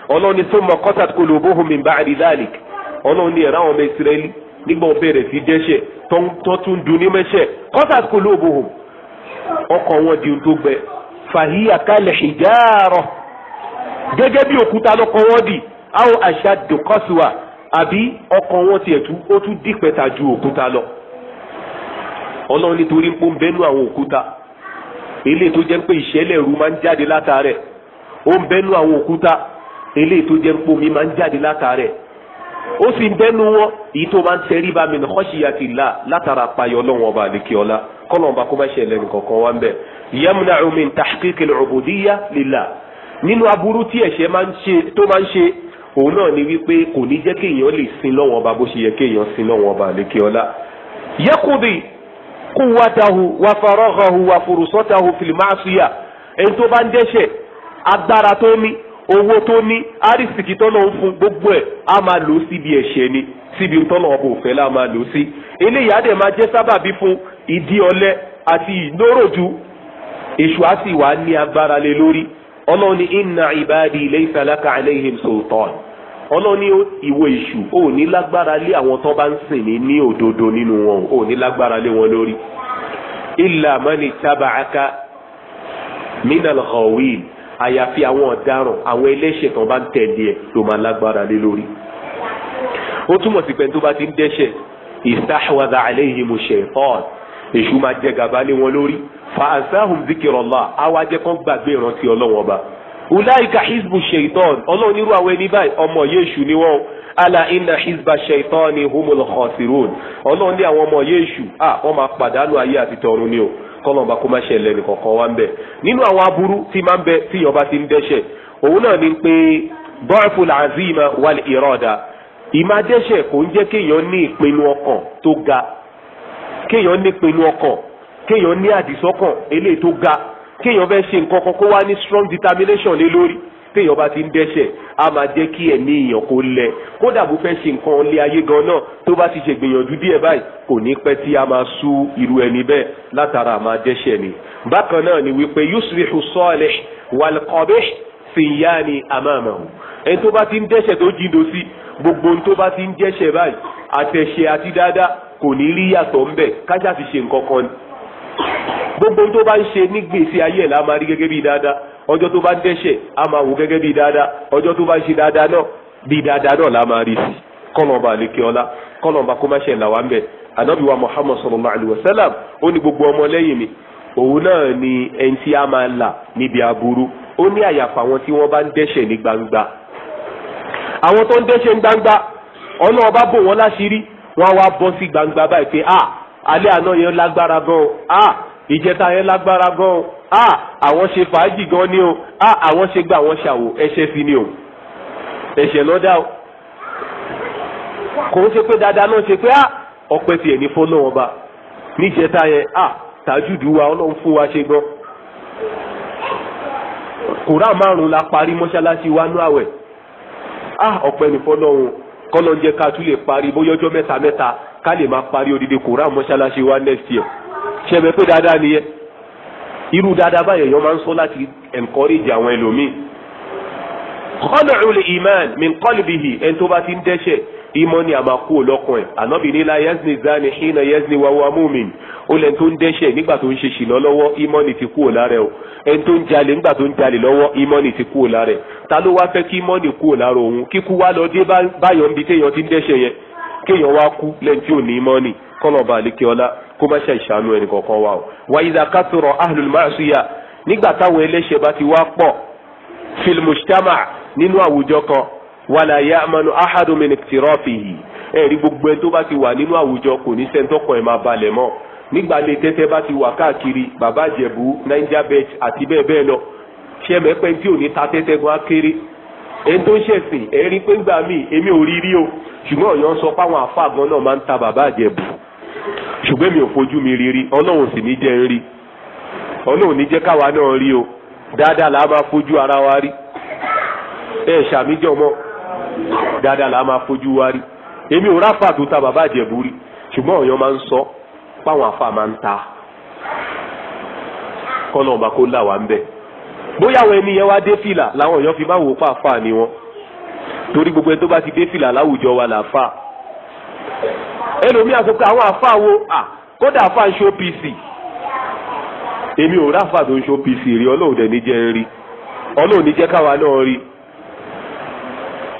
ọlọ́run ní thumma qasat qulubuhum min ba'di dhalik ọlọ́run ní ẹ̀rọ àwọn ọmọ ìsirẹ́lì nígbà wọn bẹ̀rẹ̀ sí dẹ́ṣẹ̀ tó tún dun ní mẹ́ṣẹ̀ qasat qulubuhum ọkàn wọn di tó gbẹ fahiya kal hijara gẹ́gẹ́ bí òkúta lọ́kọ̀ wọn di aw ashaddu qaswa àbí ọkàn wọn tiẹ̀ tún ó tún dípẹ́ta ju òkúta lọ ọlọ́run nítorí pé ń bẹ́nu àwọn òkúta eléyìí tó jẹ́ pé ìṣẹ́lẹ̀ ru máa ń jáde látàrẹ̀ ó ń bẹ́nu àwọn òkúta eléyìí tó jẹ́ pé omi máa ń jáde látàrẹ̀ ó sì ń dẹnu wọn èyí tó máa ń tẹrí bá mi khashiyatillah látara payọ lọ́wọ́n ọba àlekí ọlá kọ́nà ọba kó bá ṣẹlẹ̀ nìkankan wá ń bẹ̀ yamna'u min tahqiqil ubudiyya lillah nínú aburú tí ẹ̀ṣẹ̀ tó máa ń ṣe òun náà ni wípé kò ní jẹ́ kéèyàn lè sin lọ́wọ́n ọba bó ṣe yẹ kéèyàn sin lọ́wọ́n ọba àlekí ọlá yaqudi quwwatahu wa faraghahu wa fursatahu ẹni tó bá ń dẹ́ṣẹ̀ agbára tó ní owó tó ní àrísìkì tọ́nà ń fún gbogbo ẹ̀ á máa lò ó síbi ẹ̀ṣẹ̀ ni síbi tọ́nà ọba òfẹ́ la máa lò ó sí eléyìí á dẹ̀ máa jẹ́ sábàbí fún ìdí ọlẹ àti ìnóròjú èṣù á sì wá ní agbára lé lórí ọlọ́run ní inna ibadi laysa laka alayhim sultan ọlọ́run ní ìwọ èṣù ò ní lágbára lé àwọn tó bá ń sìn ní ní òdodo nínú wọn ò ní lágbára lé wọn lórí illa mani taba'aka minal ghawil àyàfi àwọn ọ̀daràn àwọn eléṣẹ̀ kan bá ń tẹ̀lé ẹ̀ ló máa lágbára lé lórí ó túmọ̀ sí pé tó bá ti ń dẹ́ṣẹ̀ ìsáhàwádà àléhìmù ṣẹ̀tọ́n èṣù máa jẹ gàba lé wọn lórí fàásáhùn zikirọ̀lá àwa jẹ́ kán gbàgbé ìrántí ọlọ́wọ́n ọba ulaika hizbu ṣẹ̀tọ́n ọlọ́run nírú àwọn ẹni báyìí ọmọ yéṣù ni wọ́n ala inna hizba ṣẹ̀tọ́n ni humul khasirun ọlọ́run ní àwọn ọmọ yéṣù à wọ́n máa pàdánù kọ́lọ́mba kó má ṣẹlẹ̀ nìkọ̀kan wá ń bẹ̀ nínú àwọn aburú tí máa ń bẹ tí ìyọba ti ń dẹ́ṣẹ̀ òun náà ni pé bọ́ọ̀fù làzima wal ìrọ̀dà ìmá dẹ́ṣẹ̀ kò ń jẹ́ kéèyàn ní ìpinnu ọkàn tó ga kéèyàn ní ìpinnu ọkàn kéèyàn ní àdìsọ́kàn eléyìí tó ga kéèyàn fẹ́ ṣe nǹkan kan kó wá ní strong determination lé lórí téèyàn bá ti ń dẹ́ṣẹ̀ á máa jẹ́ kí ẹ̀mí èèyàn kó lẹ kódà bó fẹ́ ṣe nǹkan lé ayé gan náà tó bá ti ṣe gbìyànjú díẹ̀ báyìí kò ní pẹ́ tí a máa sú irú ẹni bẹ́ẹ̀ látara àmà dẹ́ṣẹ̀ ni. bákan náà ni wípé yusrihu salih wal qabih sinyani amamahu ẹni tó bá ti ń dẹ́ṣẹ̀ tó jíndo sí gbogbo ohun tó bá ti ń dẹ́ṣẹ̀ báyìí àtẹ̀ṣẹ̀ àti dáadáa kò ní rí yàtọ̀ ńbẹ̀ gbogbo tó bá ń ṣe nígbèsè ayé ẹ̀ la máa rí gẹ́gẹ́ bí dáadáa ọjọ́ tó bá ń dẹ́ṣẹ̀ a máa wò gẹ́gẹ́ bí dáadáa ọjọ́ tó bá ń ṣe dáadáa náà bí dáadáa náà la máa rí sí kọ́lọ́ọ̀bà àlekè ọlá kọ́lọ́ọ̀bà kó má ṣe làwa ń bẹ̀ anábìwa Muhammad sallallahu alayhi wa sallam ó ní gbogbo ọmọ lẹ́yìn mi òun náà ni ẹni tí a máa là níbi aburú ó ní àyàfà àwọn tí wọ́n bá ń dẹ́ṣẹ̀ ní gbangba àwọn tó ń dẹ́ṣẹ̀ ní gbangba ọlọ́run bá bò wọ́n láṣìírí wọ́n á wá bọ́ sí gbangba báyìí pé ah alẹ́ àná yẹn lágbára gan-an ah ìjẹta yẹn lágbára gan a àwọn ṣe fàájì gan ni o a àwọn ṣe gbà wọn ṣàwò ẹ̀ṣẹ̀ sí ni o ẹ̀ṣẹ̀ lọdà o kò ń ṣe pé dáadáa náà ṣe pé a ọpẹ́ tiẹ̀ ní fọlọ wọn bá níjẹta yẹn a tàjùdù wa Ọlọ́run fún wa ṣe gan kóra márùn la parí mọ́ṣáláṣí wa nú àwẹ̀ a ọpẹ́ ní fọlọ wọn kọlọ ń jẹ ká tún lè parí bóyá ọjọ́ mẹ́ta ká lè máa parí odidi kóra mọ́ṣáláṣí wa next year ṣẹ̀mẹ̀ pé dáadáa nìyẹn irú dáadáa báyẹn yọ máa ń sọ láti encourage àwọn ẹlòmíì kọ́nàrún iman min qalbihi ẹni tó bá ti ń dẹ́ṣẹ̀ ìmọ̀ ni a máa kú lọ́kàn ẹ̀ ànábìíní la yazni zani hina yazni wa huwa mu'min ó lẹ́ni tó ń dẹ́ṣẹ̀ nígbà tó ń ṣe ṣìnà lọ́wọ́ ìmọ̀ ni ti kú lára ẹ̀ o ẹni tó ń jalè nígbà tó ń jalè lọ́wọ́ ìmọ̀ ni ti kú lára ẹ̀ ta ló wá fẹ́ kí ìmọ̀ ni kú lára òun kíkú wá lọ dé báyọ̀ níbi téèyàn ti ń dẹ́ṣẹ̀ yẹn kéèyàn wá kú lẹ́ni tí ò ní ìmọ̀ ni kọ́lọ̀ bá ọlá kó má ṣe ìṣàánú ẹnì kọ̀ọ̀kan wa o wà ìdá nígbà táwọn bá ti wá pọ̀ fil nínú àwùjọ kan wàlà yá amánu ahadun min iktirafihi ẹ̀rí gbogbo ẹni tó bá ti wà nínú àwùjọ kò ní sẹ́ńtọ́kọ̀ ẹ̀ máa balẹ̀ nígbà lè tẹ́tẹ́ wà káàkiri bàbá àjẹ̀bú àti bẹ́ẹ̀ bẹ́ẹ̀ lọ ṣé mẹ́pẹ́ tí ní ta tẹ́tẹ́ gan akéré tó ń ṣẹ̀sìn ẹ̀rí ṣùgbọ́n mi ò fojú mi rí rí ọlọ́run sì ní jẹ́ ń rí ọlọ́run ní jẹ́ káwa náà rí o dáadáa là á máa fojú ara wa rí ẹ ṣàmíjọ mọ́ dáadáa là á máa fojú wa rí èmi ò ráfà tó ta bàbá àjẹ̀bú rí ṣùgbọ́n ọ̀yàn máa ń sọ páwọn afá máa ń ta kọ́nà ọba kó là wá ń bẹ̀ bóyá àwọn ẹni yẹn wá dé fìlà làwọn èèyàn fi máa wò pa ni wọn torí gbogbo ẹni tó bá ti dé fìlà láwùjọ wa là fà ẹlòmí àti pé àwọn àfa wo kódà àfa ń ṣó pc èmi ò ráfà tó ń ṣó pc rí ọlọ́run dẹ̀ ní jẹ́ rí ọlọ́run ní jẹ́ káwa náà rí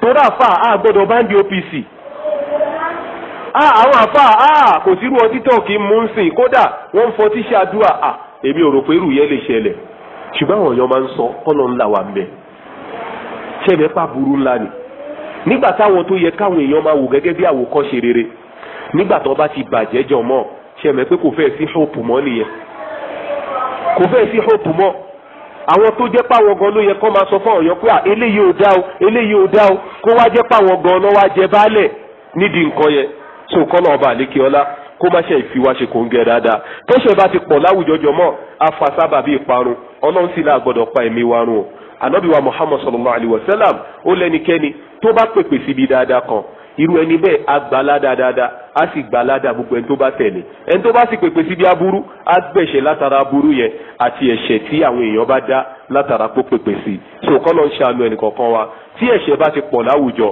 torí àfa a gbọ́dọ̀ bá ń di opc àwọn àfa a kò sírú ọtí tó kì í mú ń sìn kódà wọ́n ń fọtí ṣàdúrà à èmi ò rò pé irú yẹn lè ṣẹlẹ̀ ṣùgbọ́n àwọn èèyàn máa ń sọ kọ́nà ńlá wa mẹ́ ṣẹ̀mẹ́pà burú ńlá ni nígbà táwọn tó yẹ káwọn èèyàn máa wò gẹ́gẹ́ bí àwòkọ́ṣe rere nígbà tó bá ti bàjẹ́ jọ mọ́ ṣe mẹ́ pé kò fẹ́ sí hope mọ́ nìyẹn kò fẹ́ sí hope mọ́ àwọn tó jẹ́ páwọn gan ló yẹ kó máa sọ fún ọ̀yọ́ pé à eléyìí ò dá o eléyìí ò dá o kó wá jẹ́ páwọn gan ló wá jẹ baálẹ̀ nídìí nǹkan yẹn so kọ́nà ọba àlékè ọlá kó má ṣe ìfiwá ṣe kò ń gẹ dáadáa tẹ́ṣẹ̀ bá ti pọ̀ láwùjọ jọmọ́ afasábà bíi parun ọlọ́run sì láà gbọ́dọ̀ pa ẹ̀mí wa run o ànábìwá muhammad sallallahu alayhi wa sallam ó lẹ́nikẹ́ni tó bá pèpè síbi dáadáa kan irú ẹni bẹ́ẹ̀ á gbà ládàá dáadáa á sì gbà ládàá gbogbo ẹni tó bá tẹ̀lé ẹni tó bá sì pèpè síbi aburú á gbẹ̀ṣẹ̀ látara aburú yẹn àti ẹ̀ṣẹ̀ tí àwọn èèyàn bá dá látara pó pèpè sí i so kọ́ ló ń ṣàánú ẹnì kọ̀ọ̀kan wa tí ẹ̀ṣẹ̀ bá ti pọ̀ láwùjọ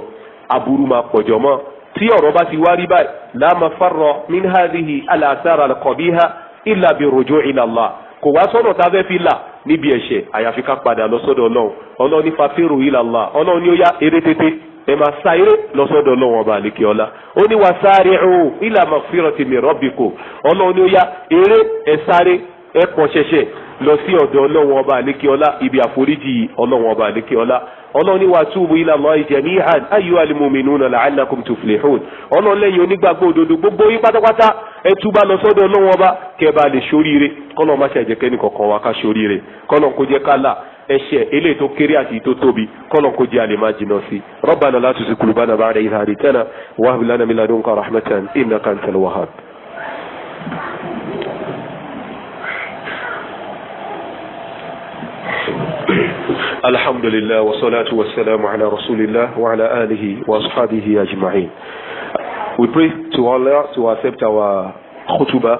aburú máa pọ̀jọ mọ́ tí ọ̀rọ̀ bá ti wá rí báyìí láàmà fárọ̀ min hadhihi al-athar al-qabiha illa bi ruju' kò wá sọ́dọ̀ tá fẹ́ fi là níbi ẹ̀ṣẹ̀ àyàfi ká padà lọ sọ́dọ̀ ọlọ́run ọlọ́run ní fàfẹ́rù ila Allah ọlọ́run ní ó yá eré tètè ẹ máa sáré lọ́sọ́dọ̀ ọlọ́wọ́n ọba àlekè ọlá ó ní wa sari'u ila magfirati min rabbikum ọlọ́run ní ó yá eré ẹ sáré ẹ kàn ṣẹṣẹ lọ sí ọ̀dọ̀ ọlọ́wọ́n ọba àlekè ọlá ibi àforíjì ọlọ́wọ́n ọba àlekè ọlá ọlọ́run ní wa tubu ila Allahi jami'an ayyuhal mu'minuna la'allakum tuflihun ọlọ́run lẹ́yìn onígbàgbọ́ òdodo gbogbo yín pátápátá ẹ túbà lọ sọ́dọ̀ ọlọ́run ọba kẹ́ bá lè ṣoríire kọ́lọ́ọ̀ má ṣe àjẹkẹ́ni kọ̀ọ̀kan wa ká ṣoríire kọ́lọ́ọ̀ kó jẹ́ ká là ẹ̀ṣẹ̀ eléyìí tó kéré àti tó tóbi kọlọ kó jẹ àlè máa jìnnà sí rọba náà láti rabbana la tuzi kulubana ba'da idh haditana wa hab lana min ladunka rahmatan innaka antal wahhab. الحمد لله والصلاة والسلام على رسول الله وعلى آله وأصحابه أجمعين We pray to Allah to accept our khutbah.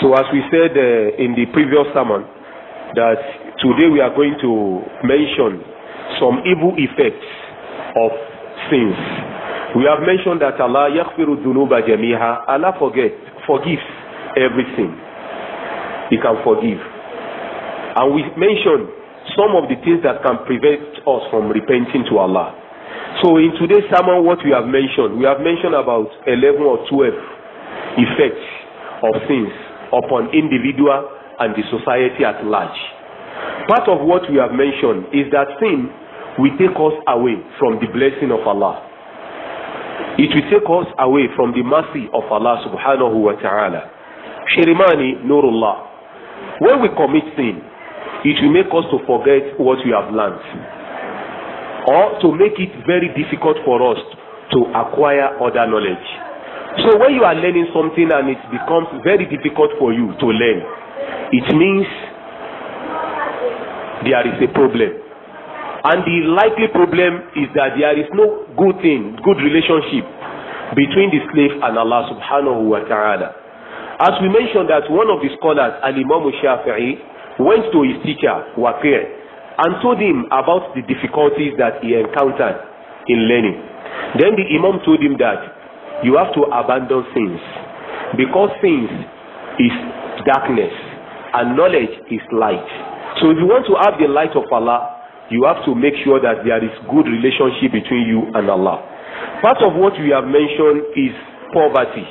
So as we said uh, in the previous sermon that Today we are going to mention some evil effects of sins. We have mentioned that Allah yaghfiru Dunuba jamiha. Allah forget, forgives everything. He can forgive. And we mentioned some of the things that can prevent us from repenting to Allah. So in today's sermon, what we have mentioned, we have mentioned about 11 or 12 effects of sins upon individual and the society at large. Part of what we have mentioned is that sin will take us away from the blessing of Allah. It will take us away from the mercy of Allah subhanahu wa ta'ala. Shirimani Nurullah. When we commit sin, it will make us to forget what we have learned or to make it very difficult for us to acquire other knowledge. So when you are learning something and it becomes very difficult for you to learn, it means there is a problem and the likely problem is that there is no good thing good relationship between the slave and Allah subhanahu wa ta'ala as we mentioned that one of the scholars al-imam shafi'i went to his teacher waqir and told him about the difficulties that he encountered in learning then the imam told him that you have to abandon sins because sins is darkness and knowledge is light So if you want to have the light of Allah, you have to make sure that there is good relationship between you and Allah. Part of what we have mentioned is poverty.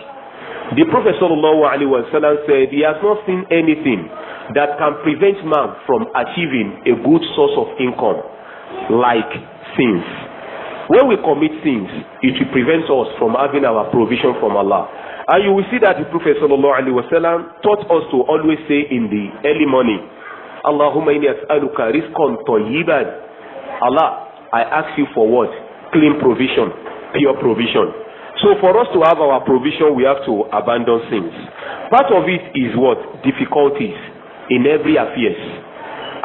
The Prophet sallallahu alaihi wasallam said he has not seen anything that can prevent man from achieving a good source of income like sins. When we commit sins, it will prevent us from having our provision from Allah. And you will see that the Prophet sallallahu alaihi wasallam taught us to always say in the early morning Allahumma inni as'aluka rizqan tayyiban. Allah, I ask you for what? Clean provision, pure provision. So for us to have our provision, we have to abandon sins. Part of it is what? Difficulties in every affairs.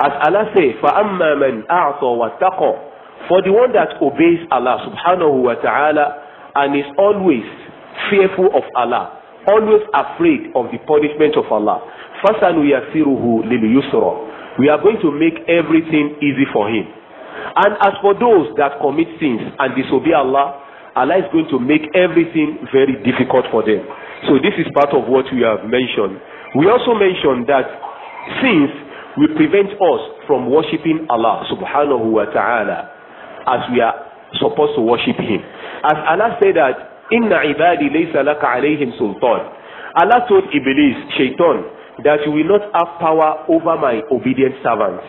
As Allah say, فَأَمَّا مَنْ أَعْطَى وَاتَّقَى For the one that obeys Allah subhanahu wa ta'ala and is always fearful of Allah, always afraid of the punishment of Allah fasanu yasiruhu lil yusra we are going to make everything easy for him and as for those that commit sins and disobey Allah Allah is going to make everything very difficult for them so this is part of what we have mentioned we also mentioned that sins will prevent us from worshiping Allah subhanahu wa ta'ala as we are supposed to worship him as Allah said that inna ibadi laysa laka alayhim sultan Allah told Iblis shaitan that you will not have power over my obedient servants.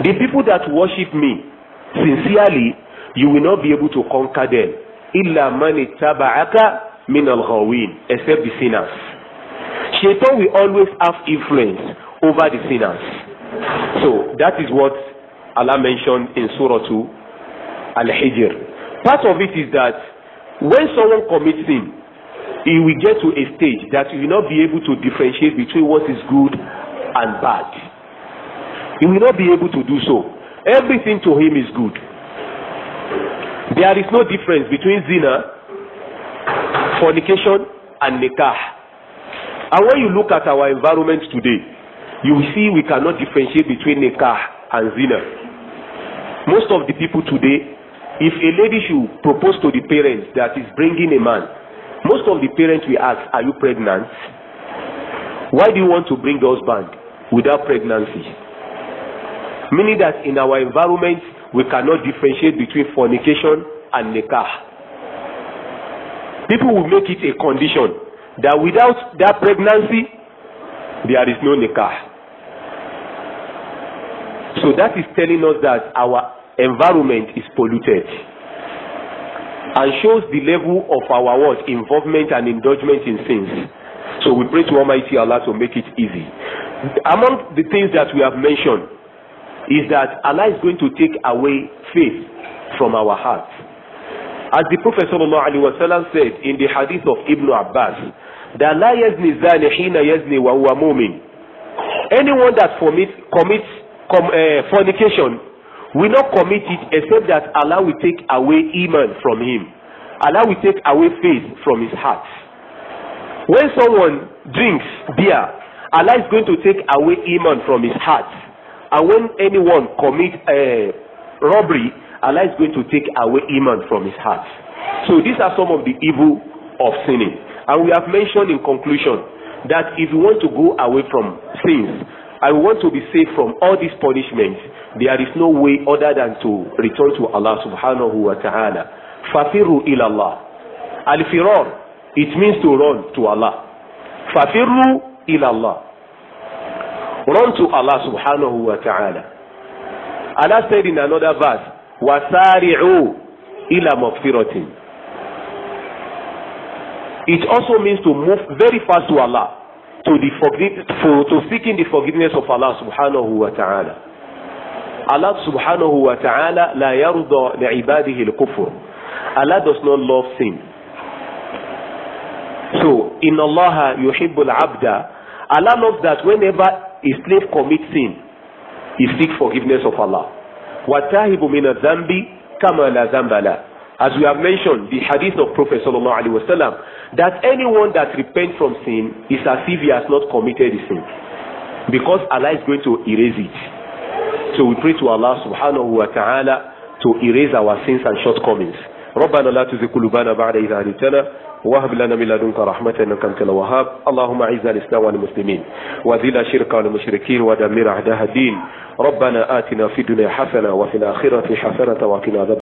The people that worship me sincerely, you will not be able to conquer them. Illa mani taba'aka min al-ghawin, except the sinners. Shaitan will always have influence over the sinners. So that is what Allah mentioned in Surah 2 Al-Hijr. Part of it is that when someone commits sin, it will get to a stage that you will not be able to differentiate between what is good and bad. You will not be able to do so. Everything to him is good. There is no difference between zina, fornication, and nikah. And when you look at our environment today, you see we cannot differentiate between nikah and zina. Most of the people today, if a lady should propose to the parents that is bringing a man, Most of the parents we ask, Are you pregnant? Why do you want to bring the back without pregnancy? Meaning that in our environment, we cannot differentiate between fornication and nikah. People will make it a condition that without that pregnancy, there is no nikah. So that is telling us that our environment is polluted. and shows the level of our what involvement and indulgement in sins. So we pray to Almighty Allah to make it easy. Among the things that we have mentioned is that Allah is going to take away faith from our hearts. As the Prophet sallallahu alaihi wasallam said in the hadith of Ibn Abbas, that la yazni zani hina yazni wa mu'min. Anyone that commits, commits com, uh, fornication We not commit it except that Allah will take away iman from him. Allah will take away faith from his heart. When someone drinks beer, Allah is going to take away iman from his heart. And when anyone commit uh, robbery, Allah is going to take away iman from his heart. So these are some of the evil of sinning. And we have mentioned in conclusion that if you want to go away from sins and want to be safe from all these punishments, there is no way other than to return to Allah subhanahu wa ta'ala fafiru ilallah alifirar it means to run to Allah fafiru ilallah run to Allah subhanahu wa ta'ala Allah said in another verse wasari'u ila magfiratin it also means to move very fast to Allah to the forgive to, to seeking the forgiveness of Allah subhanahu wa ta'ala Allah subhanahu wa ta'ala la yarudọ li ibadihi al-kufur. Allah does not love sin. So, in Allah yuhibbul abda. Allah loves that whenever a slave commits sin, he seeks forgiveness of Allah. Watahibu min adhambi kama la dhambala. As we have mentioned, the hadith of Prophet sallallahu alaihi wasallam, that anyone that repents from sin is as if he has not committed the sin, because Allah is going to erase it. So we pray to Allah subhanahu wa ta'ala to erase our sins and shortcomings. ربنا لا تزغ قلوبنا بعد إذ هديتنا وهب لنا من لدنك رحمة إنك أنت الوهاب اللهم أعز الإسلام والمسلمين وذل الشرك والمشركين ودمر أعداء الدين ربنا آتنا في الدنيا حسنة وفي الآخرة حسنة وقنا عذاب